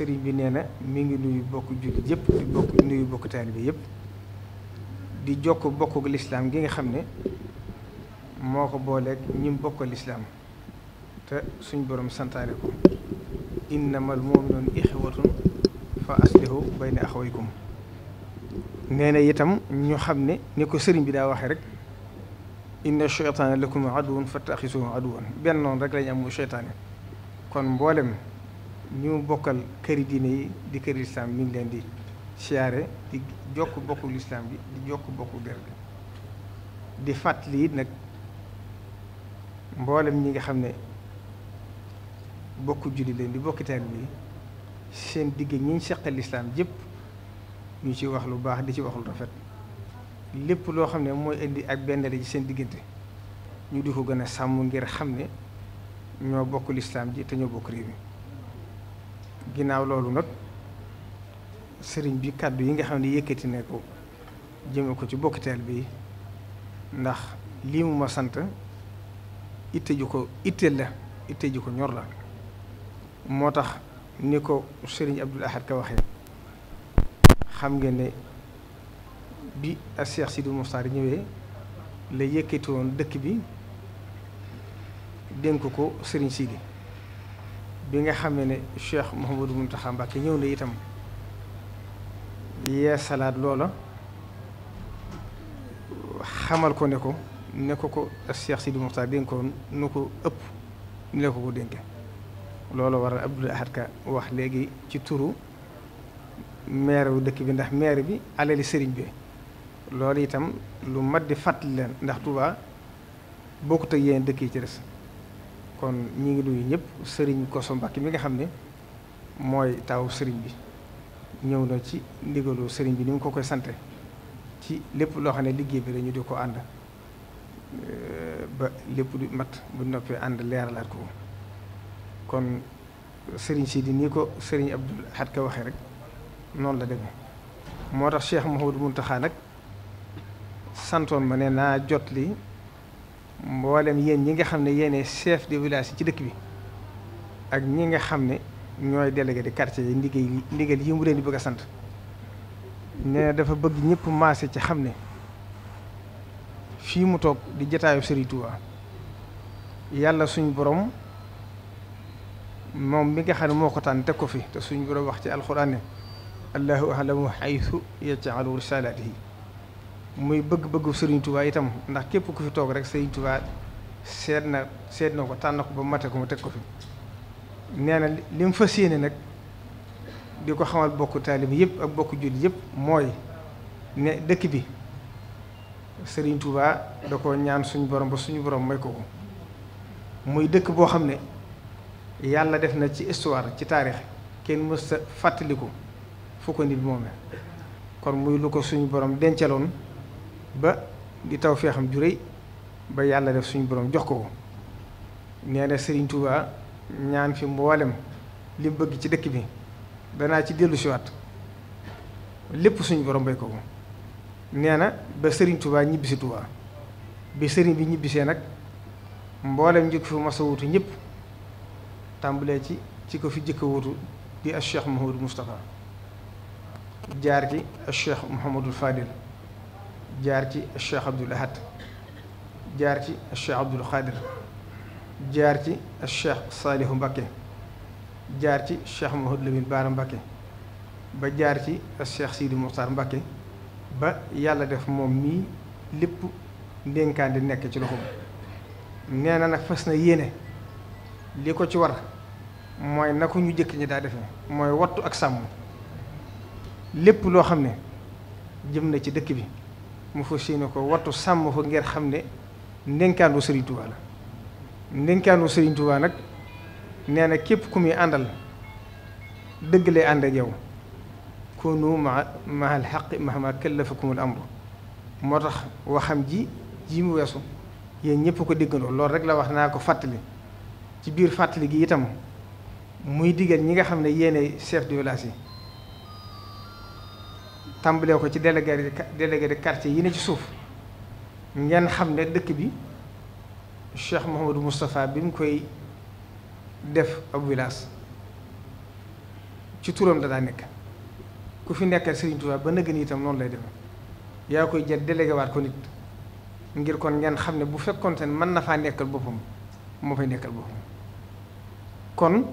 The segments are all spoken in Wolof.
sëriñ bi nee na mi ngi nuyu bokk jullit yëpp di bokk nuyu bokk taalibe yëpp di jokk bokku lislaam gi nga xam ne moo ko booleeg ñim bokk lislaam te suñ boroom santaane ko innamal mu'minuuna ixwatun fa aslihu bayna axawaykum nee na itam ñu xam ne ni ko sëriñ bi daa waxee rek inna cheytaana lakum aduwun fattaxisuhu aduwan benn noonu rek lañu am mu kon mboolem ñu bokkal këri diine yi di këri lislaam mi ngi leen di siyaare di jokk bokku lislaam bi di jokk bokku der di fàttali nag mboolem ñi nga xam ne bokku julli leen di bokki taalibe bi seen digg ñi ñu seqal lislaam jëpp ñu ci wax lu baax di ci wax rafet lépp loo xam ne mooy indi ak benn la ci seen diggante ñu di ko gën a sàmm ngir xam ne ñoo bokk lislaam ji te ñoo bokk réew mi ginnaaw loolu nag sëriñ bi kàddu yi nga xam ne yëkkati ne ko jëme ko ci bokkiteel bi ndax lii mu ma sant itte ji ko itteel la itte ji ko ñor la moo tax ni ko sëriñ Abdul Ahad ka waxee xam nga ne bi ak Cheikh Sidi Moustapha ñëwee la yëkkati woon dëkk bi dénk ko sëriñ Sidi bi nga xamee ne Cheikh Mouhamadou Mountakha Mbacké ñëw na itam yee salaat loola xamal ko ne ko ne ko ko Cheikh Sidi Mokhtar dénkoon nu ko ëpp ni la ko ko dénke loolu waral Abdoul Ahad Ka wax léegi ci turu maire wu dëkk bi ndax maire bi alali sëriñ bi loolu itam lu mat di fàttali leen ndax Touba bokkut ak yeneen dëkk yi ci des kon ñu ngi nuyu ñëpp sëriñ Koso Mbàkke mi nga xam ne mooy taaw sëriñ bi ñëw na ci ndigalu sëriñ bi ni mu ko koy sante ci lépp loo xam ne liggéey bi dañu di ko ànd euh, ba lépp du mat bu noppee ànd leeralaat ko kon sëriñ si di nii ko sëriñ Abdul Ahad Ka waxee rek noonu la demee moo tax Cheikh Mouhamadou Mountakha nag santoon ma ne naa jot li mboolem yéen ñi nga xam ne yéenee chef de village ci dëkk bi ak ñi nga xam ne ñooy délégué di quartier yi ndigal yi ndigal yi mu leen di bëgg a sant ne dafa bëgg ñëpp maase ci xam ne fii mu toog di jataayu Serigne Touba yàlla suñu borom moom mi nga xam ne moo ko tànn teg ko fi te suñu borom wax ci alxuraan ne allahu ahlamu haythu yaj'alu yi muy bëgg-bëggu Serigne Touba itam ndax képp ku fi toog rek Serigne tubaa seet na seet na ko tànn ko ba mate ko mu teg ko fi nee na li mu fas yéene nag di ko xamal bokk taalibi yëpp ak bokk julli yëpp mooy ne dëkk bi Serigne Touba da ko ñaan suñu borom ba suñu borom may ko ko muy dëkk boo xam ne yàlla def na ci histoire ci taarix kenn mës sa fàttaliku fu ko nit moomee kon muy lu ko suñu borom dencaloon ba di taw feexam xam ba yàlla def suñu boroom jox ko ko nee na Serigne Touba ñaan fi mboolem li bëgg ci dëkk bi danaa ci dellu siwaat lépp suñu borom bay ko ko nee na ba sëriñ Touba ñibbisi Touba bi sëriñ bi ñibbisee nag mboolem njëkk fi masa wutu ñëpp tàmbalee ci ci ko fi jëkk wutu di a Cheikh Mouhamadou Moustapha jaar gi a Cheikh Mouhamadou Fadil jaar ci Cheikh Abdoul Ahad jaar ci Cheikh Abdoul Khadir jaar ci Cheikh Saalihu Mbakke jaar ci Cheikh Mahmoud Baara Mbakke ba jaar ci Cheikh Sidi Muxtaar Mbakke ba yàlla def moom mii lépp ndénkaan di nekk ci loxo bi nee na nag fas na yéene li ko ci war mooy na ko ñu jëkk ñi daa defe mooy wattu ak sàmm lépp loo xam ne jëm na ci dëkk bi mu fas yéene ko wattu sàmm fa ngeen xam ne ndénkaan bu Serigne Touba la ndénkaan bu nag nee na képp ku muy àndal dëgg lay ànd ak yow kunu ma mahal xaqi fa kallafakumul amru moo tax waxam ji ji mu weesu yéen ñëpp ko déggandoo loolu rek la wax naa ko fàttali ci biir fàttali gi itam muy digal ñi nga xam ne yéene chef de yi tàmbalee ko ci délégué de délégué yi ne ci suuf ngeen xam ne dëkk bi Cheikh Mouhamadou Moustapha bi mu koy def ab village ci turam dadaa nekk ku fi nekkal Serigne Touba ba nëgg ni itam noonu lay demee yaa koy jël délégué ko nit ngir kon ngeen xam ne bu fekkonte ne mën na faa nekkal boppam moo fay nekkal boppam kon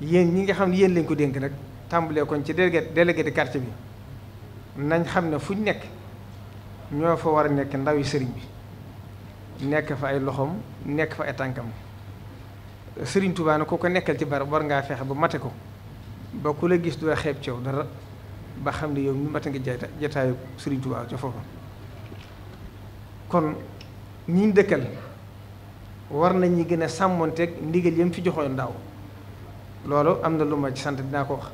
yéen ñi nga xam ne yéen lañ ko dénk nag tàmbalee kon ci délégué délégué de bi. nañ xam ne fu ñu nekk ñoo fa war a nekk ndaw ndawi sëriñ bi nekk fa ay loxoom nekk fa ay tànkam sëriñ Tuubaa ne ku ko nekkal ci barab war ngaa fexe ba mate ko ba ku la gis doo xeeb coow dara ba xam ne yow mi mate ngi jata jataayu sëriñ Tuubaa ca foofa kon ñiñ dëkkal war nañ ñi gën a sàmmonteeg ndigal yam fi joxoon ndaw loolu am na lu ma ci sant dinaa ko wax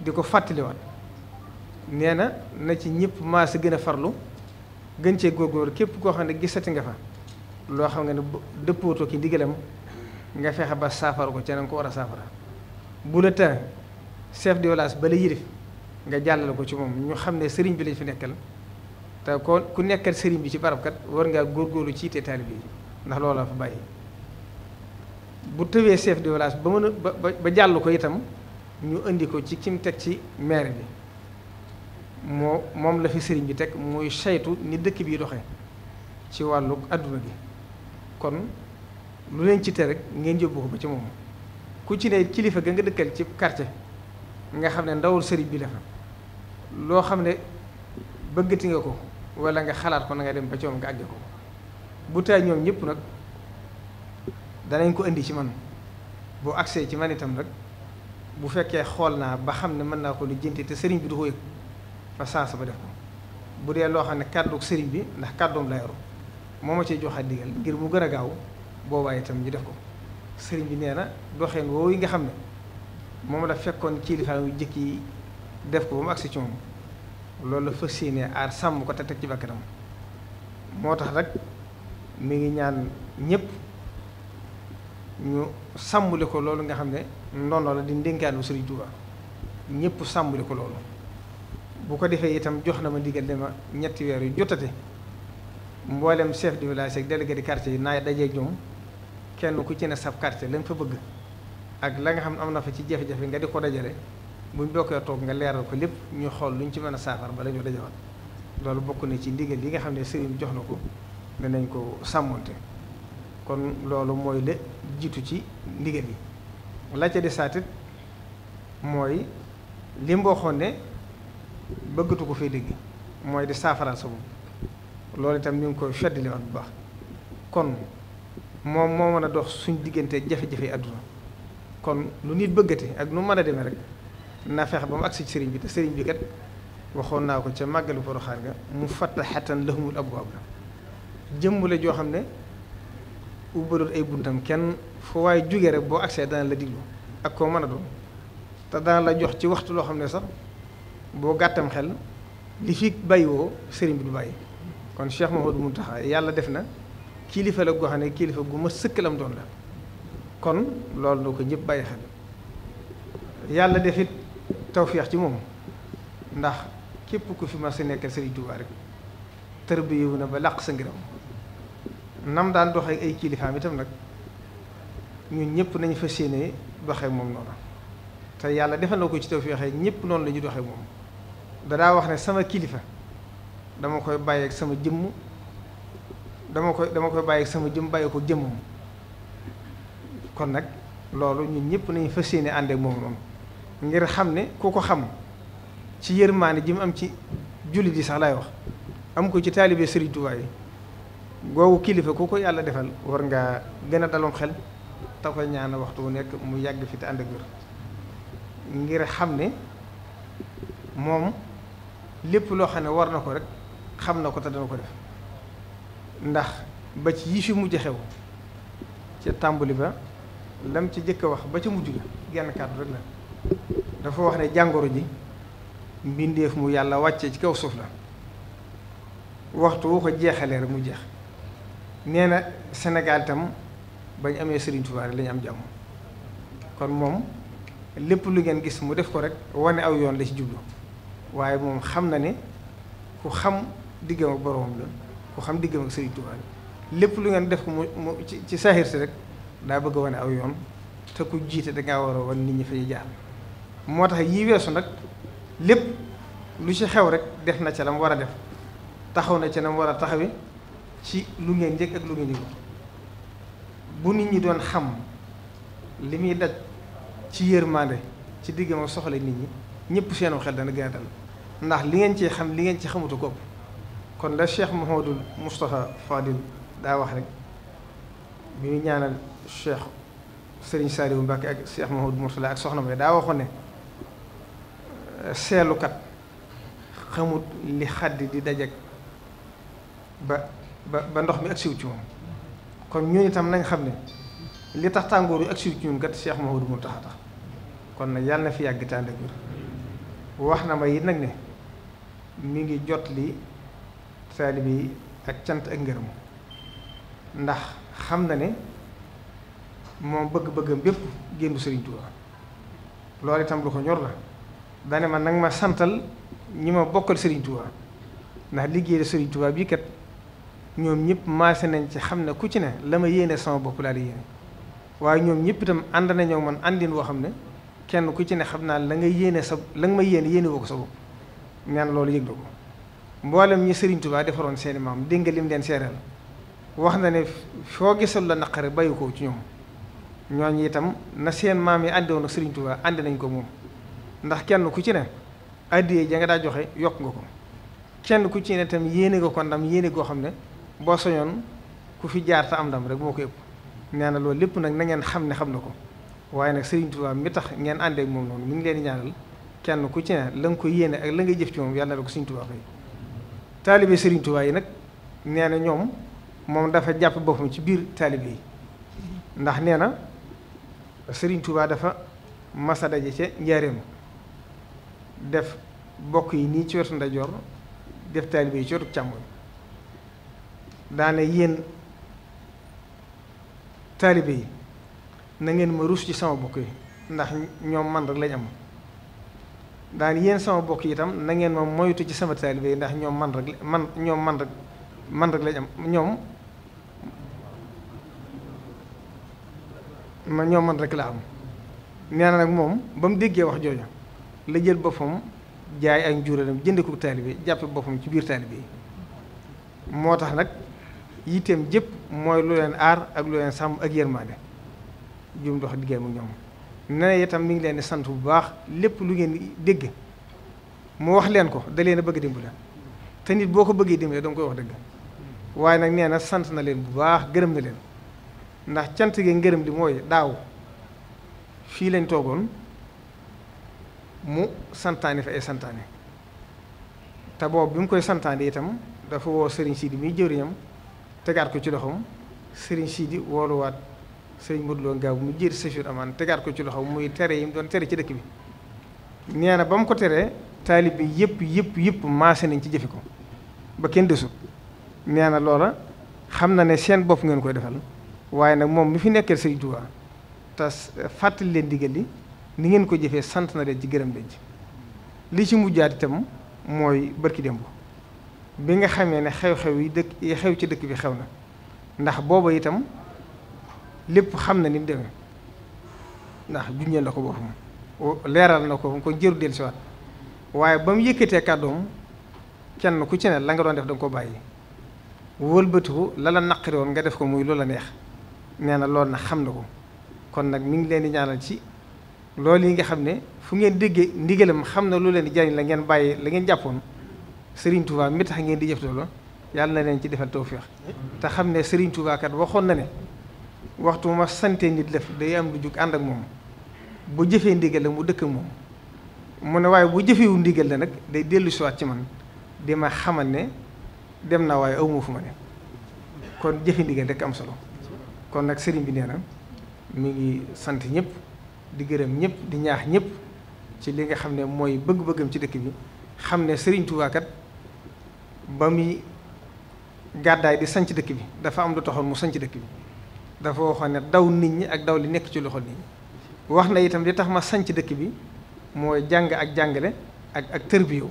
di ko fàttaliwaat nee na na ci ñëpp maa si gën a farlu gën cee góorgóor képp koo xam ne gisati nga fa loo xam nga ne dëppootoo ki ndigalam nga fexe ba saafara ko ca na nga ko war a saafara bu la ta chef de village ba la yërif nga jàllale ko ci moom ñu xam ne sëriñ bi lañ fi nekkal te ko ku nekkal sëriñ bi ci barabkat war ngaa góorgóorlu ci te taalibe yi ndax loolu la fa bàyyi bu tëwee chef de village ba mën a ba ba jàll ko itam ñu indi ko ci kim teg ci maire bi moo moom la fi sëriñ bi teg muy saytu ni dëkk bi doxe ci wàllu adduna bi kon lu leen ci te rek ngeen yóbbu ko ba ci moom ku ci ne kilifa ga nga dëkkal ci quartier nga xam ne ndawul sëriñ bi la loo xam ne bëggati nga ko wala nga xalaat ko na nga dem ba ci nga àgge ko bu tay ñoom ñëpp nag danañ ko indi ci man boo agsee ci man itam nag bu fekkee xool naa ba xam ne mën naa ko lu jënte te sëriñ bi du ko yëg fa saasa ba def ko bu dee loo xam ne kàddu sëriñ bi ndax kàddoom la yoru moo ma cee joxaat digal ngir mu gën a gaaw boobaa itam ñu def ko sëriñ bi nee na doxeen woowu yi nga xam ne moom la fekkoon ci kilifa yu jëkk yi def ko ba mu agsi ci moom loolu la fas yéene aar sàmm ko te teg ci bakkanam moo tax rek mi ngi ñaan ñëpp ñu ko loolu nga xam ne noonu la di ndénkaanu Sëriñ Tuuba ñëpp sàmmule ko loolu bu ko defee itam jox na ma ndigal ne ma ñetti weer yu jotate mboolem chef de village ak délégué de quartier yi naay dajeeg ñoom kenn ku ci ne sab quartier lañ fa bëgg ak la nga xam ne am na fa ci jafe-jafe nga di ko dajale buñ bokkee toog nga leeral ko lépp ñu xool lu ñu ci mën a saafara bala ñu dajawaat loolu bokk na ci ndigal yi nga xam ne sëriñ jox na ko danañ ko sàmmoonte kon loolu mooy la jiitu ci ndigal yi la ca desaatit mooy li mu ne bëggatu ko fay dégg mooy di saafaraal sa bopp loolu itam ñu ngi koy feddaliwaat bu baax kon moom moo mën a dox suñ diggante jafe-jafe àdduna kon lu nit bëggate ak nu mën a demee rek na fexe ba mu agsi sëriñ bi te sëriñ bi kat waxoon naa ko ca màggalu Poroxaan ga mu fattaxatan lahumul abwaab la jëmm la joo xam ne ubbalul ay buntam kenn fu waaye jóge rek boo agsee dana la diglu ak koo mën a doon te dana la jox ci waxtu loo xam ne sax boo gàttam xel li fi bàyyiwoo sëriñ bi du bàyyi kon Cheikh Mouhamadou Mountakha yàlla def na kilifa la goo ne kilifa gu ma sëkkalam doon la kon loolu noo ko ñëpp bàyyi xel yàlla def it tawféex ci moom ndax képp ku fi ma sa nekkal sëriñ Tuubaa rek tërbiyewu na ba làq sa ngiram nam daan doxe ay kilifaam itam nag ñun ñëpp nañu fas yéene doxee moom noonu te yàlla defal na ko ci tawféex ñëpp noonu la ñu doxee moom. danaa wax ne sama kilifa dama koy bàyyeek sama jëmm dama koy dama koy bàyyi sama jëmm bàyyi ko jëmmam kon nag loolu ñun ñëpp nañu fas yéene ànd ak moom noonu ngir xam ne ku ko xam ci yërmaane ji mu am ci jullit yi sax laay wax am ko ci taalibe Sëriñ Tuubaa yi googu kilifa ku ko yàlla defal war ngaa gën a dalum xel te koy ñaana waxtu wu nekk mu yàgg fi te ànd ak wér ngir xam ne moom lépp loo xam ne war na ko rek xam na ko te dana ko def ndax ba ci yi fi mujj xew ca tàmbali ba lam ci jëkk a wax ba ca mujj ga genn kàddu rek la dafa wax ne jàngoro ji mbindeef mu yàlla wàcce ci kaw suuf la waxtu wu ko jeexalee rek mu jeex nee na Sénégal itam bañ amee Serigne Touba lañu am jàmm kon moom lépp lu ngeen gis mu def ko rek wane aw yoon la ci jublu waaye moom xam na ne ku xam diggam ak boromam la ku xam diggam ak Serigne Touba lépp lu ngeen def ko mu mu ci ci saaxiir si rek daa bëgg a wane aw yoon te ku jiite dangaa war a wan nit ñi fay jaar moo tax yii weesu nag lépp lu ci xew rek def na ca la mu war a def taxaw na ca la mu war a taxawe ci lu ngeen njëkk ak lu ngeen yëgut bu nit ñi doon xam li muy daj ci yërmande ci diggam ak soxla nit ñi ñëpp seenu xel dana gën a dal ndax li ngeen ci xam li ngeen ci xamutu ko kon la cheikh Mouhamadul Moustapha Fadil daa wax rek bi ñu ñaanal cheikh Serigne bu Mbacké ak cheikh Mouhamadul Mourtala ak soxna May daa waxoon ne seelukat xamut li xadd di dajeg ba ba ba ndox mi ak siw ci moom kon ñun itam nañ xam ne li tax tàngoor yu ak siw ci ñun kat cheikh Mouhamadul tax kon nag yàlla na fi yàgg tànn ak wax na ma it nag ne. mi ngi jot li taalibe yi ak cant ak ngërëm ndax xam na ne moom bëgg-bëggam bépp génn Sëriñ Tuuba loolu itam lu ko ñor la dane man nag ma santal ñi ma bokkal Sëriñ Tuuba ndax liggéey Sëriñ Tuuba bii kat ñoom ñëpp maase nañ ci xam ne ku ci ne la ma yéene sama bopp laa la yéene waaye ñoom ñëpp itam ànd nañoo man àndin woo xam ne kenn ku ci ne xam naa la nga yéene sa la nga ma yéene yéene woo ko sa bopp neen loolu yëg na ko mboolem ñi Serigne tubaa defaroon seeni maam dégg nga lim leen seeral wax na ne foo gisal la naqare bayu ko ci ñoom ñooñu itam na seen maam yi àndoon ak Serigne Touba ànd nañ ko moom ndax kenn ku ci ne addiyee ja nga daa joxe yokk nga ko kenn ku ci ne itam yéene nga ko ndam yéene goo xam ne boo soñoon ku fi jaar te am ndam rek moo ko yëpp nee na loolu lépp nag na ngeen xam ne xam na ko waaye nag Serigne Touba mi tax ngeen àndeek moom noonu mi ngi leen ñaanal. kenn ku ci ne la nga ko yéene ak la ngay jëf ci moom yàlla la ko Sëriñ Tuubaa fay taalibe Sëriñ Tuubaa yi nag nee na ñoom moom dafa jàpp boppam ci biir taalibe yi ndax nee na Sëriñ Tuubaa dafa masa daje ca njaareem def bokk yi nii ci wetu ndajoor def taalibe yi ci wetu càmmoñ daane yéen taalibe yi na ngeen ma ruus ci sama bokk yi ndax ñoom man rek lañ am daan yéen sama bokk itam na ngeen ma moytu ci sama taalibe yi ndax ñoom man rek man ñoom man rek man rek lañ am ñoom ma ñoom man rek la am nee na nag moom ba mu déggee wax jooju la jël boppam jaay ak njuréelam jënd ko taalibe jàppe boppam ci biir taalibe yi moo tax nag yitteem jëpp mooy lu leen aar ak lu leen sàmm ak yërmande jum dox diggéey mu ñoom ne itam mu ngi leen di sant bu baax lépp lu ngeen dégg mu wax leen ko da leen a bëgg dimbale te nit boo ko bëggee dimbale danga koy wax dëgg waaye nag nee na sant na leen bu baax gërëm na leen ndax cant gi ngërëm li mooy daaw fii lañ toogoon mu santaane fi ay santaane te boobu bi mu koy santaane itam dafa woo Serigne Sidi muy jëwriñam tegaat ko ci loxoom Serigne Sidi wooluwaat sëriñ Modou Lo Ngaabu mu jër safir amaan tegaat ko ci loxo muy tere yi mu doon tere ci dëkk bi nee na ba mu ko teree taalib bi yëpp yëpp yëpp maase nañ ci jëfe ko ba kenn desul nee na loola xam na ne seen bopp ngeen koy defal waaye nag moom mi fi nekkee sëriñ Tuubaa te fàttali leen digal li ni ngeen ko jëfee sant na leen ci gërëm leen ci li ci mujjaat itam mooy barki démb bi nga xamee ne xew-xew yi dëkk yi xew ci dëkk bi xew na ndax booba itam lépp xam na ni mu demee ndax junjal la ko boppam leeral na ko ko jëru del siwaat waaye ba mu yëkkatee kàddoom kenn ku ci ne la nga doon def da ko bàyyi wëlbatiku la la naqari woon nga def ko muy la neex nee na loolu na xam na ko kon nag mi ngi leen di ñaanal ci loolu yi nga xam ne fu ngeen déggee ndigalam xam na lu leen di jariñ la ngeen bàyyi la ngeen jàppoon sëriñ Touba mi tax ngeen di jëf loolu yàlla na leen ci defal tawféex te xam ne Serigne Touba waxoon na ne. waxtu ma sante nit def day am lu jug ànd ak moom bu jëfee ndigal mu dëkk moom mu ne waaye bu jëfewu ndigal la nag day dellusiwaat ci man di ma xamal ne dem naa waaye awma fu ma ne kon jëfe ndigal rek am solo kon nag sëriñ bi nee na mi ngi sant ñëpp di gërëm ñëpp di ñaax ñëpp ci li nga xam ne mooy bëgg-bëggam ci dëkk bi xam ne sëriñ Tuubaa kat ba muy gàddaay di sanc dëkk bi dafa am lu taxoon mu sanc dëkk bi dafa waxoon ne daw nit ñi ak daw li nekk ci loxo nit ñi wax na itam li tax ma sanc dëkk bi mooy jàng ak jàngale ak ak tërbiyo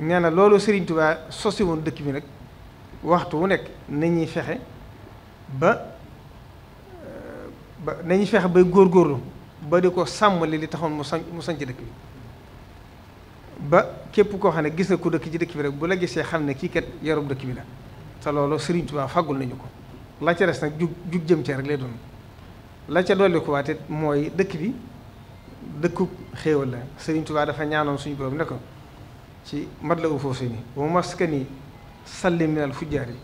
nee na loolu Serigne Touba sosi woon dëkk bi nag waxtu wu nekk nañuy fexe ba ba nañuy fexe bay góorlu ba di ko sàmmali li taxoon mu san mu sanc dëkk bi ba képp koo xam ne gis ko ku dëkk ci dëkk bi rek bu la gisee xam ne kii kat yarub dëkk bi la te loolu Serigne Touba fàggul nañu ko la ca nag jug jug jëm cee rek lay doon la ca dolli ko waate mooy dëkk bi dëkkub xéewal la Sëriñ Tuubaa dafa ñaanoon suñu borom ne ko ci mat la u foofu ni wa maskani salli minal fujjaari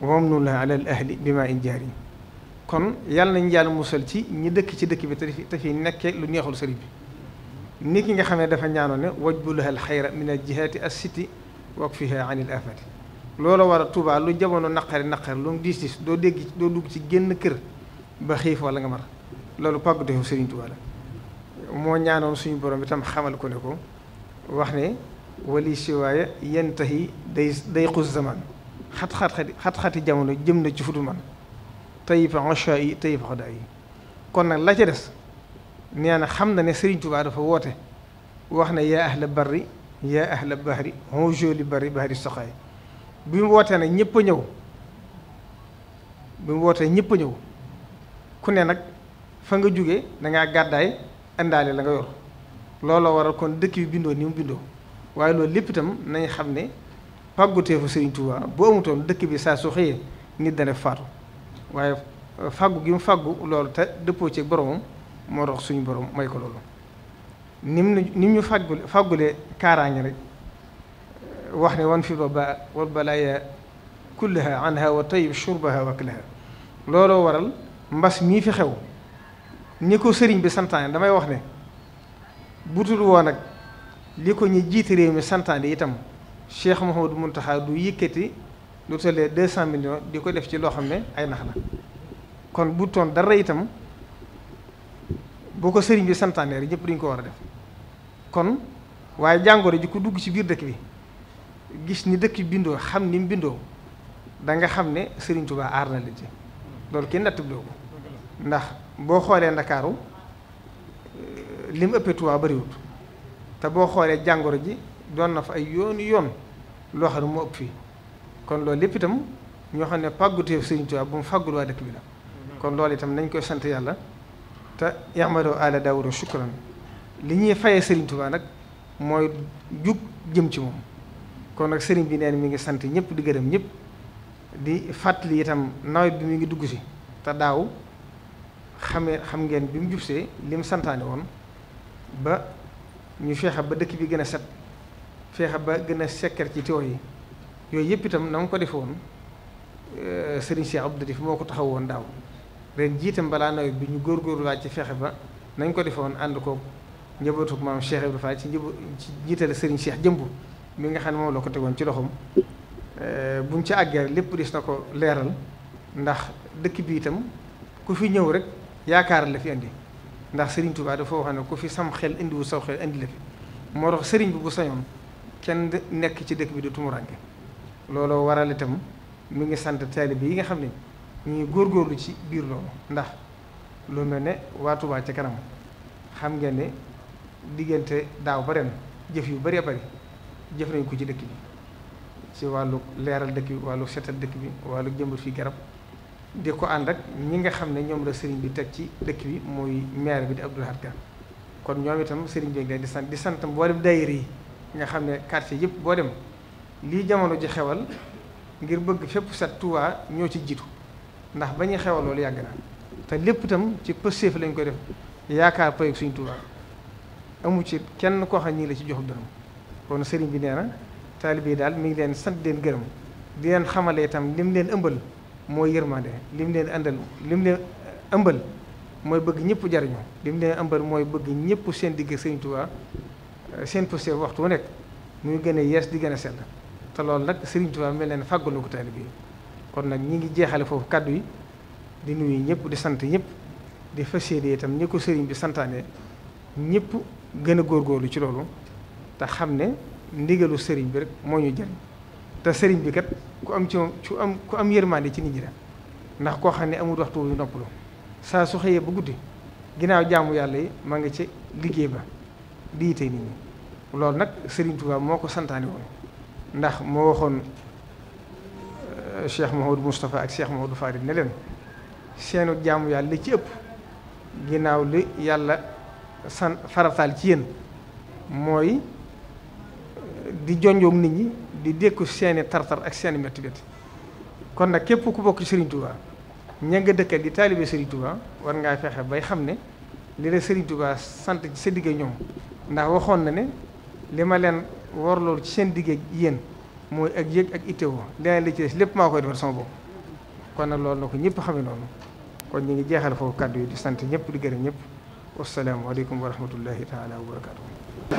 wa mamnunna ala al ahli bi ma in jaari kon yàlla nañu yàlla musal ci ñi dëkk ci dëkk bi te fi nekkee lu neexul sëriñ bi nit ki nga xam ne dafa ñaanoon ne wajbulaha al xayra min al jihaati as siti wak fiha an il loola war a Tuubaa lu jamono naqari naqari lu mu diis diis doo dégg doo dugg ci génn kër ba xiif wala nga mar loolu pàgguteefu Sëriñ Tuubaa la moo ñaanoon suñu borom itam xamal ko ne ko wax ne wali siwaaya yantahi day day xus zaman xat-xat xat-xati jamono jëm na ci fudu man tayifa ocha yi tayifa xodaa yi kon nag la ca des nee na xam na ne Sëriñ Tuubaa dafa woote wax ne yaa ahla barri yaa ahla bahri honjoli bari bahri soxaay bi mu wootee nag ñëpp ñëw bi mu wootee ñëpp a ñëw ku ne nag fa nga jóge dangaa gàddaay indaale la nga yor looloo waral kon dëkk yu bindoo ni mu bindoo waaye loolu lépp itam nañu xam ne fàgguteefu Sëriñ Tuubaa boo amutoon dëkk bi saa su xëyee nit dana faatu waaye euh, fàggu gi mu fàggu loolu te dëppoo ci boromam moo tax suñu borom may ko loolu nim ni nim ñu fàggule fàggule kaaraange rek wax ne wan fi ba wal balaaya kullaha anha wa tayib shurbaha wa aklaha looloo waral mbas mii fi xew ni ko sëriñ bi santaane damay wax ne butul woon nag li ko ñu jiite réew mi santaane itam Cheikh Mouhamadou Mountakha du yëkkati lu tollee deux cent millions di ko def ci loo xam ne ay nax la kon butoon toon dara itam boo ko sëriñ bi santaane rek ñëpp duñ ko war a def kon waaye jàngoro ji ku dugg ci biir dëkk bi gis ni dëkk bindoo xam ni mu bindoo danga xam ne sëriñ tubaa aar na leen ci loolu kenn nattabloo ko ndax boo xoolee ndakaaru euh, li mu ëppee Touba bariwut te boo xoolee jàngoro ji doon na fa ay yoon yoon loo xam ne moo ëpp fii kon loolu lépp itam ñoo xam ne pàgguteef Serigne Touba bu mu fàggul waa dëkk bi la kon loolu itam nañ koy sant yàlla te yahmado ala dawro shukran li ñuy fayee Serigne Touba nag mooy jug jëm ci moom kon nag sëriñ bi neen mu ngi sant ñëpp di gërëm ñëpp di fàttali itam nawet bi mi ngi dugg si te daaw xamee xam ngeen bi mu jubsee lim santaane woon ba ñu feexa ba dëkk bi gën a set feexe ba gën a sekkar ci tiwo yi yooyu yëpp itam na nga ko defe woon euh, sëriñ Cheikh Abdou moo ko taxaw woon daaw ren jiitam balaa nawet bi ñu góorgóorlu waat ci feexe ba nañ ko defe woon ànd ko njabootu maam Cheikh Ibrahima Fall ci njëbu ci jiitale sëriñ Cheikh jëmb mi nga xam ne moom la ko tegoon ci loxoom eh, buñ ci àggee lépp dis sa ko leeral ndax dëkk bi itam ku fi ñëw rek yaakaar la fi indi ndax Serigne Touba dafa wax ne ku fi sam xel indiwu saw xel indi la fi moo tax sëriñ bi bu sañoon kenn nekk ci dëkk bi du tumuraanke looloo waral itam mu ngi sant taalibe yi nga xam ne ñuy góorlu ci biir loolu ndax lu mel ne waa Touba ca kanam xam ngeen ne diggante daaw ba na jëf yu bëree bëri. jëf nañ ko ci dëkk bi ci wàllu leeral dëkk bi wàllu setal dëkk bi wàllu jëmbat fi garab di ko ànd ak ñi nga xam ne ñoom la sëriñ bi teg ci dëkk bi muy maire bi di Abdou Lahad kon ñoom itam sëriñ bi leen di sant di sant mboolem daayira yi nga xam ne quartier yëpp boo dem lii jamono ji xewal ngir bëgg fépp set Touba ñoo ci jiitu ndax ba ñuy xewal loolu yàgg na te lépp itam ci pëstéef lañ koy def yaakaar payoog suñ Touba amu ci kenn koo xam ñi la ci joxub dërëm kon sëriñ bi nee na taalibe yi daal mi ngi leen sant leen gërëm di leen xamale itam lim leen ëmbal mooy yërmande lim leen àndal lim leen ëmbal mooy bëgg ñëpp jariñu lim leen ëmbal mooy bëgg ñëpp seen digg sëriñ Tuubaa euh, seen posté waxtu wu nekk muy gën a yees di gën a sell te loolu nag sëriñ Tuubaa mel leen fàggul ko taalibe kon nag ñi ngi jeexale foofu kàddu yi di nuyu ñëpp di sant ñëpp di fas yéene itam ñi sëriñ bi santaane ñëpp gën a góorlu ci loolu te xam ne ndigalu sëriñ bi rek moo ñu jëriñ te sëriñ bi kat ku am ci am ku am yërmande ci nit la ndax koo xam ne amul waxtu wu noppalu saa su xëyee ba guddi ginnaaw jaamu yàlla yi ma nga ci liggéey ba di tey nit ñi loolu nag sëriñ Touba moo ko santaane woon ndax moo waxoon euh, Cheikh Mahoudou Moustapha ak Cheikh Mahoudou Farid ne leen seenu jaamu yàlla li ci ëpp ginnaaw li yàlla san farataal ci yéen mooy di jonjoog nit ñi di dékku seeni tartar ak seeni métti métti kon nag képp ku bokk Serigne Touba ña nga dëkkal di taalibe Serigne war ngaa fexe bay xam ne li la Serigne Touba sant ci sa digge ñoom ndax waxoon na ne li ma leen war loolu ci seen digge yéen mooy ak yëg ak itteewoo leneen li ci des lépp maa koy defal sama bopp kon nag loolu na ko ñëpp xamee noonu kon ñu ngi jeexal foofu kàddu yi di sant ñëpp di gërëm ñëpp. wasalaamaaleykum wa rahmatullahi taala wa barakaatu.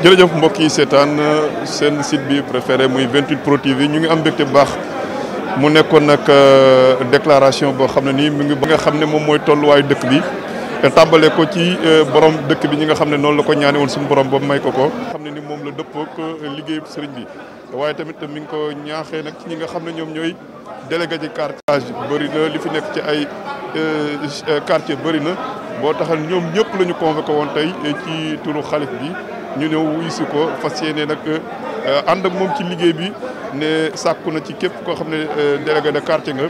jërëjëf mbokk yi seetaan euh, seen site bi préféré muy 28 Pro TV ñu ngi am mbégte bu baax mu nekkoon nag euh, déclaration boo xam ne nii mu ngi ba nga xam ne moom mooy tolluwaayu dëkk bi. tàmbale ko ci euh, borom dëkk bi ñi nga xam ne noonu la ko ñaane woon suñu borom ba may ko ko. xam ne nii moom la dëppook liggéey sëriñ bi waaye tamit mi ngi ko ñaaxee nag ci ñi nga xam ne ñoom ñooy délégué ci quartier. bëri na li fi nekk ci ay quartier bëri na. boo taxal ñoom ñëpp la ñu convoqué woon tey eh, ci turu xalif bi ñu ñëw wuyu si ko fas yéene nag eh, eh, ànd ak moom ci liggéey bi ne sàkku na ci képp koo xam ne délégué de quartier nga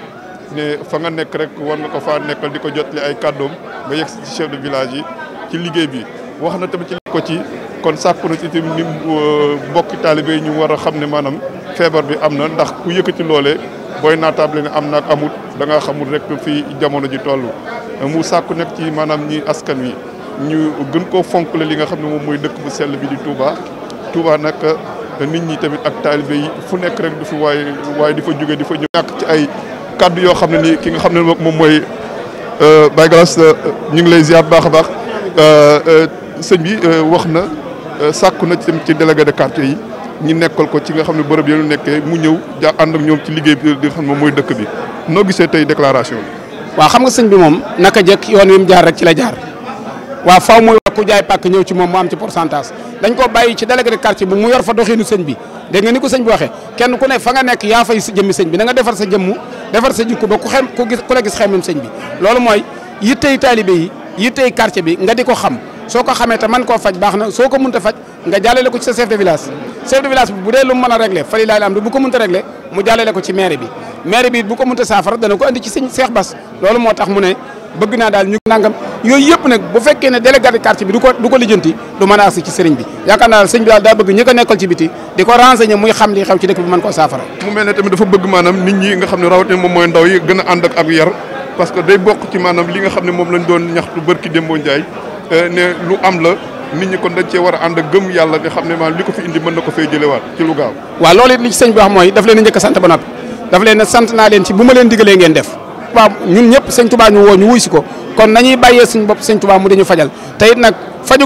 ne fa nga nekk rek war nga ko fa nekkal di ko jotli ay kàddoom ba yegg si chef de village yi ci liggéey bi wax na tamit ci ko ci kon sàkku na ci tamit ni mbokki taalibe yi ñu war a xam ne maanaam feebar bi am na ndax ku yëkkati loolee booy naataable ne am na amut da nga xamul rek fii jamono ji toll mu sàkku nag ci maanaam ñi askan wi ñu gën koo le li nga xam ne moom mooy dëkk bu sell bi di Touba Touba nag nit ñi tamit ak taalibe yi fu nekk rek du fi waaye waaye di fa jóge di fa ñëw ñàkk ci ay kàddu yoo xam ne nii ki nga xam ne moom mooy euh, Baye Galas euh, ñu ngi lay ziar baax a baax euh, sëñ bi wax na sàkku na ci tamit ci délégué de quartier yi ñi nekkal ko ci nga xam ne bërëb yéenu nekkee mu ñëw ja ànd ak ñoom ci liggéey bi di xam mooy dëkk bi noo gisee tey déclaration bi. waaw xam nga sëñ bi moom naka jekk yoon wi mu jaar rek ci la jaar waaw faw muy ku jaay pàkk ñëw ci moom mu am ci pourcentage dañ ko bàyyi ci délégué de quartier bi mu yor fa doxiinu sëñ bi dégg nga ni ko sëñ waxee kenn ku ne fa nga nekk yaa fay sa jëmmi sëñ bi na nga defar sa jëmmu defar sa jikko ba ku xem ku gis ku la gis xemem sëñ bi loolu mooy yittey taalibe yi yittey quartier bi nga di ko xam soo ko xamee man koo faj baax na soo ko munta faj nga jàllale ko ci sa chef de village chef de village bi bu dee lu mu mën a régler fali laay la am bu ko mënta régler mu jàllale ko ci maire bi maire bi bu ko mënta saafara dana ko andi ci sëñ Cheikh loolu moo tax mu ne bëgg naa daal ñu nangam yooyu yëpp nag bu fekkee ne délégué de quartier bi du ko du du mën a agsi ci sëriñ bi yaakaar naa sëñ bi daal daa bëgg ñi ko ci biti di ko renseigner muy xam li xew ci dëkk bi mën koo moom mooy ndaw yi a eh, la nit ñi kon dañ cee war a ànd ak gëm yàlla nga xam ne maanaam li ko fi indi mën na ko fay jëlewaat ci lu gaaw waaw loolu it li ci sëñ bi wax mooy daf leen a njëkk a sant ba noppi daf leen a sant naa leen ci bu ma leen digalee ngeen def waaw ñun ñëpp sëñ Tuubaa ñu woo ñu wuy si ko kon nañuy bàyyee suñ bopp sëñ Tuubaa mu dañu fajal te it nag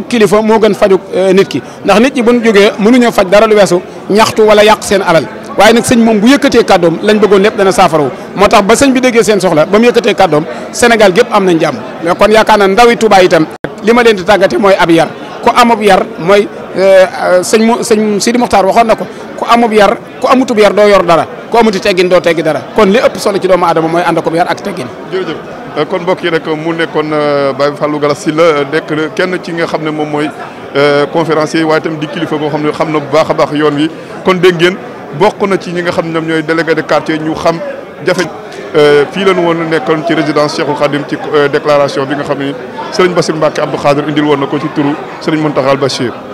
kilifa moo gën fajuk euh, nit ki ndax nit ñi bu ñu jógee mënuñoo faj dara lu weesu ñaxtu yàq seen alal waaye nag sëñ moom bu yëkkatee kàddoom lañ bëggoon lépp dana saafarawu moo tax ba sëñ bi déggee seen soxla ba mu yëkkatee kàddoom Sénégal gépp am nañ jàmm mais kon yaakaar na ndawi Tuubaa itam li ma leen di tàggate mooy ab yar ku amub yar mooy euh, sëñ mu sëñ Sidi Mokhtar waxoon na ko ku amub yar ku amutub yar doo yor dara ku amuti teggin doo teggi dara kon li ëpp solo ci doomu aadama mooy ànd akub yar ak teggin. jërëjëf. Euh, kon mbokk yi rek mu nekkoon euh, Baye Fallou Gallas Sylla dekk kenn ci nga xam ne moom mooy conférencier waaye itam di kilifa boo xam ne xam na bu baax a baax yoon wi kon dégg ngeen bokk na ci ñi nga xam ne ñoom ñooy délégué de quartier ñu xam. jafe euh, fii la ñu woon nekkoon ci résidence Cheikhul Khadim ci euh, déclaration bi nga xam ne Serigne Bassirou Mbacké Abdou Khadir indil woon na ko ci turu Serigne Mountakhal Bachir.